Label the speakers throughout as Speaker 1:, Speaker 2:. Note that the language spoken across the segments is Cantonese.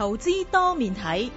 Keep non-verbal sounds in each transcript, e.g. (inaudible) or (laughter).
Speaker 1: 投資多面睇。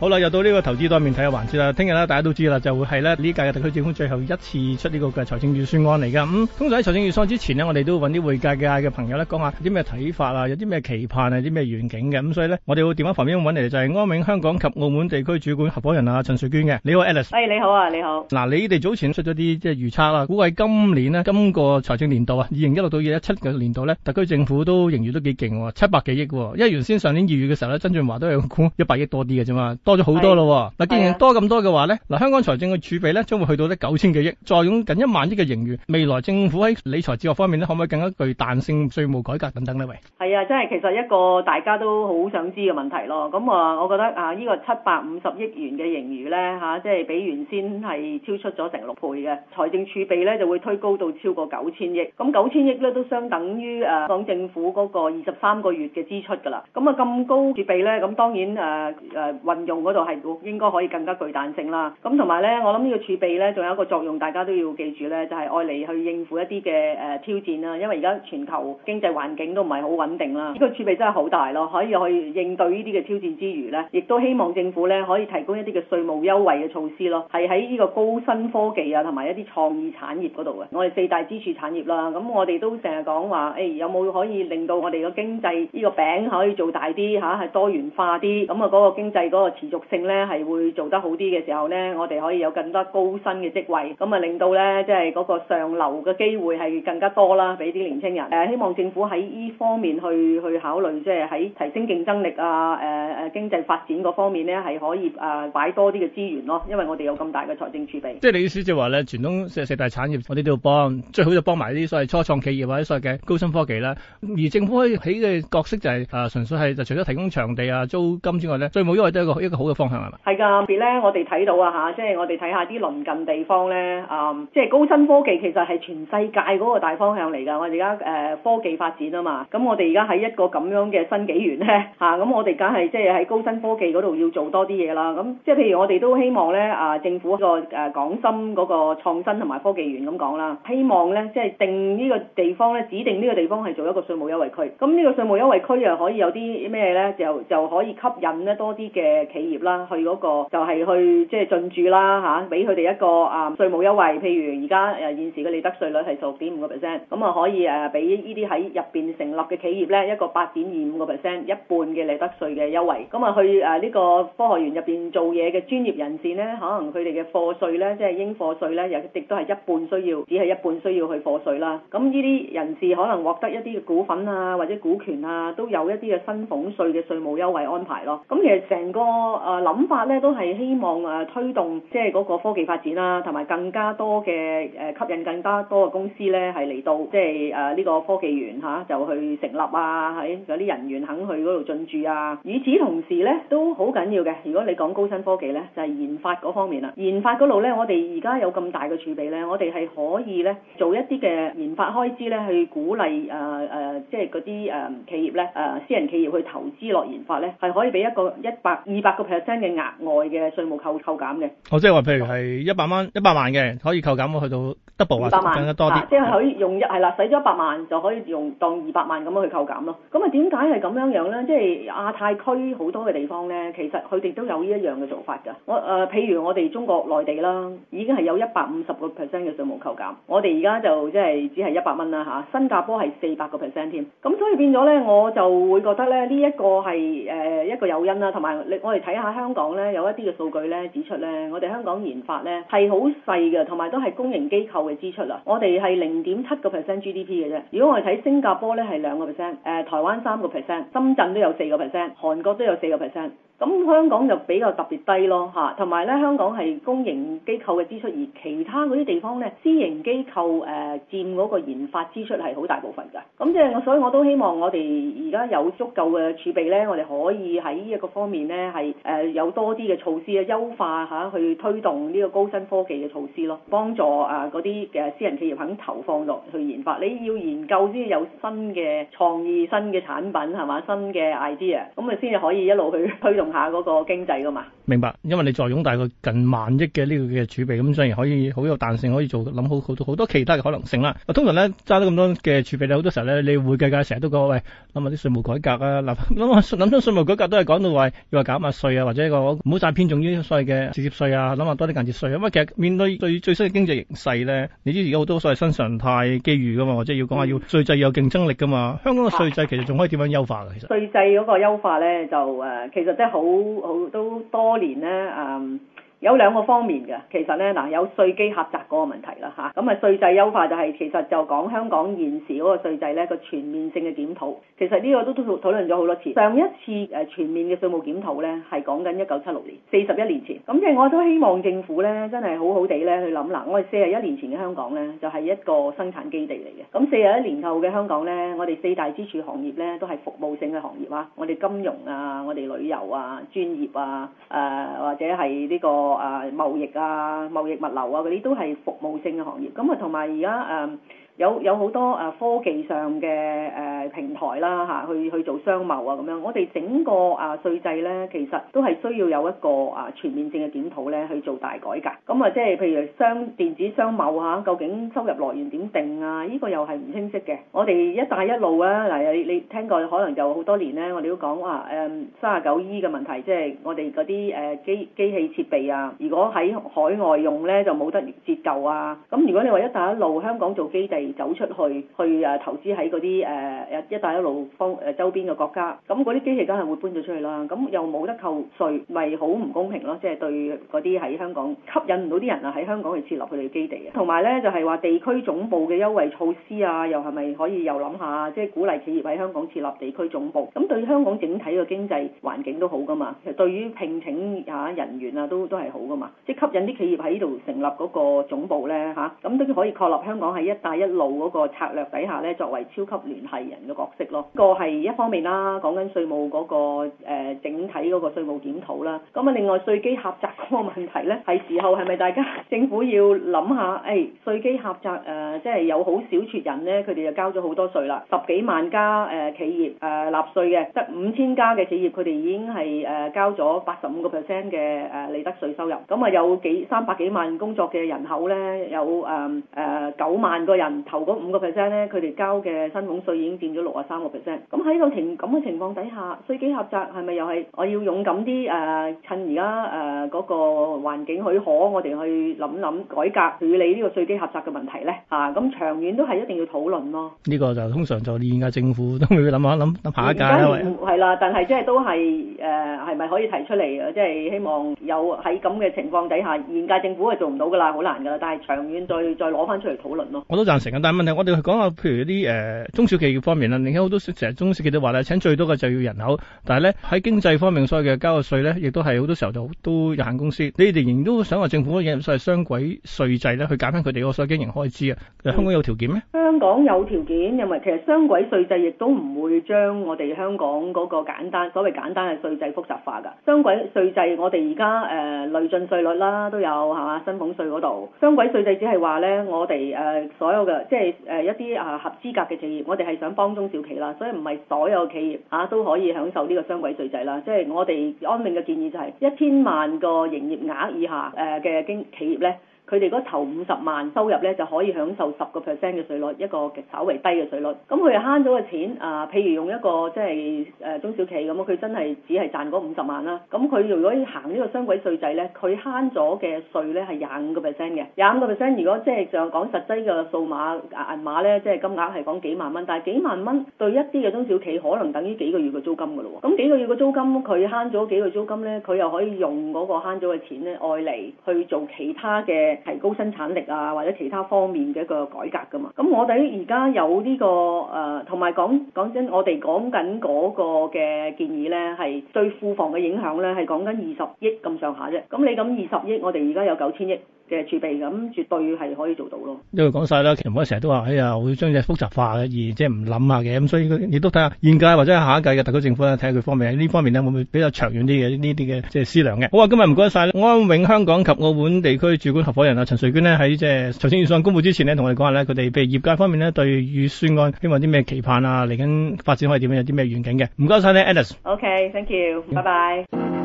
Speaker 2: 好啦，又到呢個投資多面睇嘅環節啦。聽日咧，大家都知啦，就會係咧呢屆嘅特區政府最後一次出呢個嘅財政預算案嚟㗎。咁、嗯、通常喺財政預算案之前呢，我哋都會揾啲會計界嘅朋友咧講下啲咩睇法啊，有啲咩期盼啊，啲咩願景嘅。咁、嗯、所以咧，我哋會電話旁邊揾嚟就係安永香港及澳門地區主管合伙人啊陳瑞娟嘅。你好，Alice，哎。你好啊，你好。嗱，你哋早前出咗啲即係預測啦，估計今年呢，今個財政年度啊，二零一六到二零一七嘅年度咧，特區政府都盈餘都幾勁喎，七百幾億喎。因為原先上年二月嘅時候咧，曾俊華都係估一百億多啲嘅啫嘛。多咗好多咯，嗱是，既然多咁多嘅話咧，嗱的，香港財政嘅儲備咧，將會去到呢九千幾億，再用近一萬億嘅盈餘，未來政府喺理財自由方面咧，可唔可以更加具彈性稅務改革等等呢？喂，
Speaker 1: 係啊，真係其實一個大家都好想知嘅問題咯。咁啊，我覺得啊，呢個七百五十億元嘅盈餘咧，吓，即係比原先係超出咗成六倍嘅，財政儲備咧就會推高到超過九千億。咁九千億咧都相等於誒，港政府嗰個二十三個月嘅支出噶啦。咁啊，咁高儲備咧，咁當然誒誒運用。度係應該可以更加具彈性啦。咁同埋呢，我諗呢個儲備呢，仲有一個作用，大家都要記住呢，就係愛嚟去應付一啲嘅誒挑戰啦。因為而家全球經濟環境都唔係好穩定啦。呢個儲備真係好大咯，可以去應對呢啲嘅挑戰之餘呢，亦都希望政府呢，可以提供一啲嘅稅務優惠嘅措施咯。係喺呢個高新科技啊，同埋一啲創意產業嗰度嘅，我哋四大支柱產業啦。咁我哋都成日講話，誒有冇可以令到我哋嘅經濟呢個餅可以做大啲嚇，係多元化啲。咁啊，嗰個經濟嗰個續性咧係會做得好啲嘅時候咧，我哋可以有更多高薪嘅職位，咁啊令到咧即係嗰個上流嘅機會係更加多啦，俾啲年青人。誒希望政府喺依方面去去考慮，即係喺提升競爭力啊誒誒、啊、經濟發展嗰方面咧係可以啊擺多啲嘅資源咯，因為我哋有咁大嘅財政儲備。
Speaker 2: 即係你意思就話咧，傳統四四大產業我哋都要幫，最好就幫埋啲所謂初創企業或者所謂嘅高新科技啦。而政府可以起嘅角色就係、是、啊、呃、純粹係就除咗提供場地啊租金之外咧，最冇優惠都係一個。好嘅方向係嘛？
Speaker 1: 係噶，別咧，我哋睇到啊嚇，即係、就是、我哋睇下啲鄰近地方咧啊，即、嗯、係、就是、高新科技其實係全世界嗰個大方向嚟噶。我哋而家科技發展啊嘛，咁我哋而家喺一個咁樣嘅新紀元咧咁、啊、我哋梗係即係喺高新科技嗰度要做多啲嘢啦。咁即係譬如我哋都希望咧啊，政府、這個、啊、港深嗰個創新同埋科技園咁講啦，希望咧即係定呢個地方咧，指定呢個地方係做一個稅務優惠區。咁呢個稅務優惠區又可以有啲咩咧？就就可以吸引咧多啲嘅。企業啦，去嗰個就係去即係進駐啦嚇，俾佢哋一個啊稅務優惠。譬如而家誒現時嘅利得稅率係十六點五個 percent，咁啊可以誒俾呢啲喺入邊成立嘅企業咧一個八點二五個 percent 一半嘅利得稅嘅優惠。咁啊去誒呢個科學園入邊做嘢嘅專業人士咧，可能佢哋嘅課稅咧即係應課稅咧，亦都係一半需要，只係一半需要去課稅啦。咁呢啲人士可能獲得一啲嘅股份啊或者股權啊，都有一啲嘅薪俸稅嘅稅務優惠安排咯。咁其實成個。個誒諗法咧，都係希望誒、啊、推動即係嗰個科技發展啦、啊，同埋更加多嘅誒、啊、吸引更加多嘅公司咧，係嚟到即係誒呢個科技園嚇、啊、就去成立啊，喺有啲人員肯去嗰度進駐啊。與此同時咧，都好緊要嘅。如果你講高新科技咧，就係、是、研發嗰方面啦。研發嗰度咧，我哋而家有咁大嘅儲備咧，我哋係可以咧做一啲嘅研發開支咧，去鼓勵誒誒，即係嗰啲誒企業咧誒、啊、私人企業去投資落研發咧，係可以俾一個一百二百個 percent 嘅額外嘅稅務扣扣減嘅，
Speaker 2: 哦，即係話譬如係一百蚊一百萬嘅可以扣減去到 double 啊，賺得萬多啲、啊，即係可
Speaker 1: 以用一係啦，使咗一百萬就可以用當二百萬咁樣去扣減咯。咁啊點解係咁樣樣咧？即係亞太區好多嘅地方咧，其實佢哋都有呢一樣嘅做法㗎。我誒、呃、譬如我哋中國內地啦，已經係有一百五十個 percent 嘅稅務扣減。我哋而家就即係只係一百蚊啦嚇、啊。新加坡係四百個 percent 添，咁所以變咗咧，我就會覺得咧呢、這個呃、一個係誒一個誘因啦，同埋你我哋睇。睇下香港咧，有一啲嘅數據咧指出咧，我哋香港研發咧係好細嘅，同埋都係公營機構嘅支出啦。我哋係零點七個 percent GDP 嘅啫。如果我哋睇新加坡咧係兩個 percent，誒，台灣三個 percent，深圳都有四個 percent，韓國都有四個 percent。咁香港就比較特別低咯，嚇，同埋咧香港係公營機構嘅支出，而其他嗰啲地方咧，私營機構誒、呃、佔嗰個研發支出係好大部分㗎。咁即係我，所以我都希望我哋而家有足夠嘅儲備咧，我哋可以喺呢一個方面咧係、呃、有多啲嘅措施啊，優化嚇去推動呢個高新科技嘅措施咯，幫助啊嗰啲嘅私人企業肯投放落去研發。你要研究先有新嘅創意、新嘅產品係嘛？新嘅 idea，咁啊先至可以一路去推動。下嗰個經濟
Speaker 2: 噶嘛？明白，因為你再擁大概近萬億嘅呢個嘅儲備，咁所以可以好有彈性，可以做諗好好多好多其他嘅可能性啦。通常咧揸到咁多嘅儲備咧，好多時候咧你會計計成日都講喂，諗下啲稅務改革啊，嗱諗諗咗稅務改革都係講到話要話減下稅啊，或者個唔好再偏重於所謂嘅直接稅啊，諗下多啲間接稅啊。其實面對最最衰嘅經濟形勢咧，你知而家好多所謂新常態機遇噶嘛，或者要講下要稅制要有競爭力噶嘛。香港嘅稅制其實仲可以點樣優化嘅？ (laughs) 其實
Speaker 1: 稅制嗰個優化咧就誒，其實真係好。好好都多年啦。啊、um！有兩個方面嘅，其實呢，嗱，有稅基狹窄嗰個問題啦嚇，咁啊稅制優化就係、是、其實就講香港現時嗰個稅制呢個全面性嘅檢討，其實呢個都都討論咗好多次。上一次誒全面嘅稅務檢討呢，係講緊一九七六年，四十一年前，咁即係我都希望政府呢，真係好好地呢去諗嗱、啊，我哋四十一年前嘅香港呢，就係、是、一個生產基地嚟嘅，咁四十一年後嘅香港呢，我哋四大支柱行業呢，都係服務性嘅行業啊，我哋金融啊，我哋旅遊啊，專業啊，誒、呃、或者係呢、這個。誒，貿易啊，貿易物流啊，嗰啲都係服務性嘅行業，咁啊同埋而家誒。有有好多科技上嘅平台啦，去去做商貿啊咁樣。我哋整個啊稅制呢，其實都係需要有一個啊全面性嘅檢討呢，去做大改革。咁啊，即係譬如商電子商貿嚇，究竟收入來源點定啊？呢個又係唔清晰嘅。我哋一帶一路啊，嗱你你聽過可能就好多年呢，我哋都講話誒三十九 E 嘅問題，即係我哋嗰啲機器設備啊，如果喺海外用呢，就冇得折舊啊。咁如果你話一帶一路，香港做基地。走出去去誒投資喺嗰啲誒誒一帶一路方誒周邊嘅國家，咁嗰啲機器梗係會搬咗出去啦。咁又冇得扣稅，咪好唔公平咯！即係對嗰啲喺香港吸引唔到啲人啊，喺香港去設立佢哋嘅基地啊。同埋咧就係話地區總部嘅優惠措施啊，又係咪可以又諗下，即係鼓勵企業喺香港設立地區總部？咁對香港整體嘅經濟環境都好噶嘛，對於聘請嚇人員啊都都係好噶嘛，即係吸引啲企業喺呢度成立嗰個總部咧吓，咁都可以確立香港喺一帶一路。路嗰個策略底下咧，作為超級聯繫人嘅角色咯，這個係一方面啦，講緊稅務嗰、那個、呃、整體嗰個稅務檢討啦。咁啊，另外稅基狹窄嗰個問題咧，係時候係咪大家政府要諗下？誒、哎，稅基狹窄誒、呃，即係有好少撮人咧，佢哋就交咗好多稅啦。十幾萬家誒企業誒納稅嘅，得五千家嘅企業，佢、呃、哋已經係誒、呃、交咗八十五個 percent 嘅誒利得稅收入。咁啊，有幾三百幾萬工作嘅人口咧，有誒誒九萬個人。頭嗰五個 percent 咧，佢哋交嘅薪俸稅已經佔咗六啊三個 percent。咁喺個情咁嘅情況底下，稅基狹窄係咪又係我要勇敢啲？誒，趁而家誒嗰個環境許可，我哋去諗諗改革處理呢個稅基狹窄嘅問題咧。啊，咁長遠都係一定要討論咯。
Speaker 2: 呢個就通常就現屆政府都要諗下諗諗下一屆啦。
Speaker 1: 係啦，但係即係都係誒，係咪可以提出嚟？即係希望有喺咁嘅情況底下，現屆政府係做唔到噶啦，好難噶啦。但係長遠再再攞翻出嚟討論咯。
Speaker 2: 我都贊成。但係問題，我哋去講下，譬如啲誒中小企業方面啦，起好多成日中小企業都話請最多嘅就業人口，但係咧喺經濟方面所謂嘅交嘅稅咧，亦都係好多時候就都有限公司，你哋仍然都想話政府引入雙軌稅制咧，去減返佢哋個所經營開支啊？香港有條件咩？嗯？
Speaker 1: 香港有條件，因為其實雙軌稅制亦都唔會將我哋香港嗰個簡單所謂簡單嘅稅制複雜化㗎。雙軌稅制我哋而家誒累進稅率啦都有係嘛？薪俸稅嗰度，雙軌稅制只係話咧，我哋、呃、所有嘅即係一啲啊合資格嘅企業，我哋係想幫中小企啦，所以唔係所有企業啊都可以享受呢個雙軌稅制啦。即係我哋安永嘅建議就係一千萬個營業額以下誒嘅經企業咧。佢哋嗰頭五十萬收入呢，就可以享受十個 percent 嘅稅率，一個稍為低嘅稅率。咁佢係慳咗嘅錢啊、呃！譬如用一個即係誒中小企咁佢真係只係賺嗰五十萬啦。咁佢如果行呢個雙軌稅制呢，佢慳咗嘅稅呢係廿五個 percent 嘅，廿五個 percent。如果即係就講實際嘅數碼銀碼咧，即係、就是、金額係講幾萬蚊。但係幾萬蚊對一啲嘅中小企可能等於幾個月嘅租金㗎咯喎。咁幾個月嘅租金佢慳咗幾個租金呢，佢又可以用嗰個慳咗嘅錢呢愛嚟去做其他嘅。提高生產力啊，或者其他方面嘅一個改革㗎嘛。咁我哋而家有呢個誒，同埋講講真，我哋講緊嗰個嘅建議咧，係對庫房嘅影響咧，係講緊二十億咁上下啫。咁你咁二十億，我哋而家有九千億嘅儲備，咁絕對係可以做到咯。
Speaker 2: 因為講曬啦，其實唔好成日都話，哎呀，我會將嘢複雜化嘅，而即係唔諗下嘅。咁所以你都睇下現屆或者係下一屆嘅特區政府咧，睇下佢方面呢方面咧，會唔會比較長遠啲嘅呢啲嘅即係思量嘅。好啊，今日唔該曬咧，安永香港及澳門地區主管合伙人，陳瑞娟咧喺即係財政預算案公布之前咧，同我哋講下咧，佢哋譬如業界方面咧，對預算案希望啲咩期盼啊，嚟緊發展可以點樣，有啲咩遠景嘅。唔該晒咧，Alice。
Speaker 1: OK，thank you。拜拜。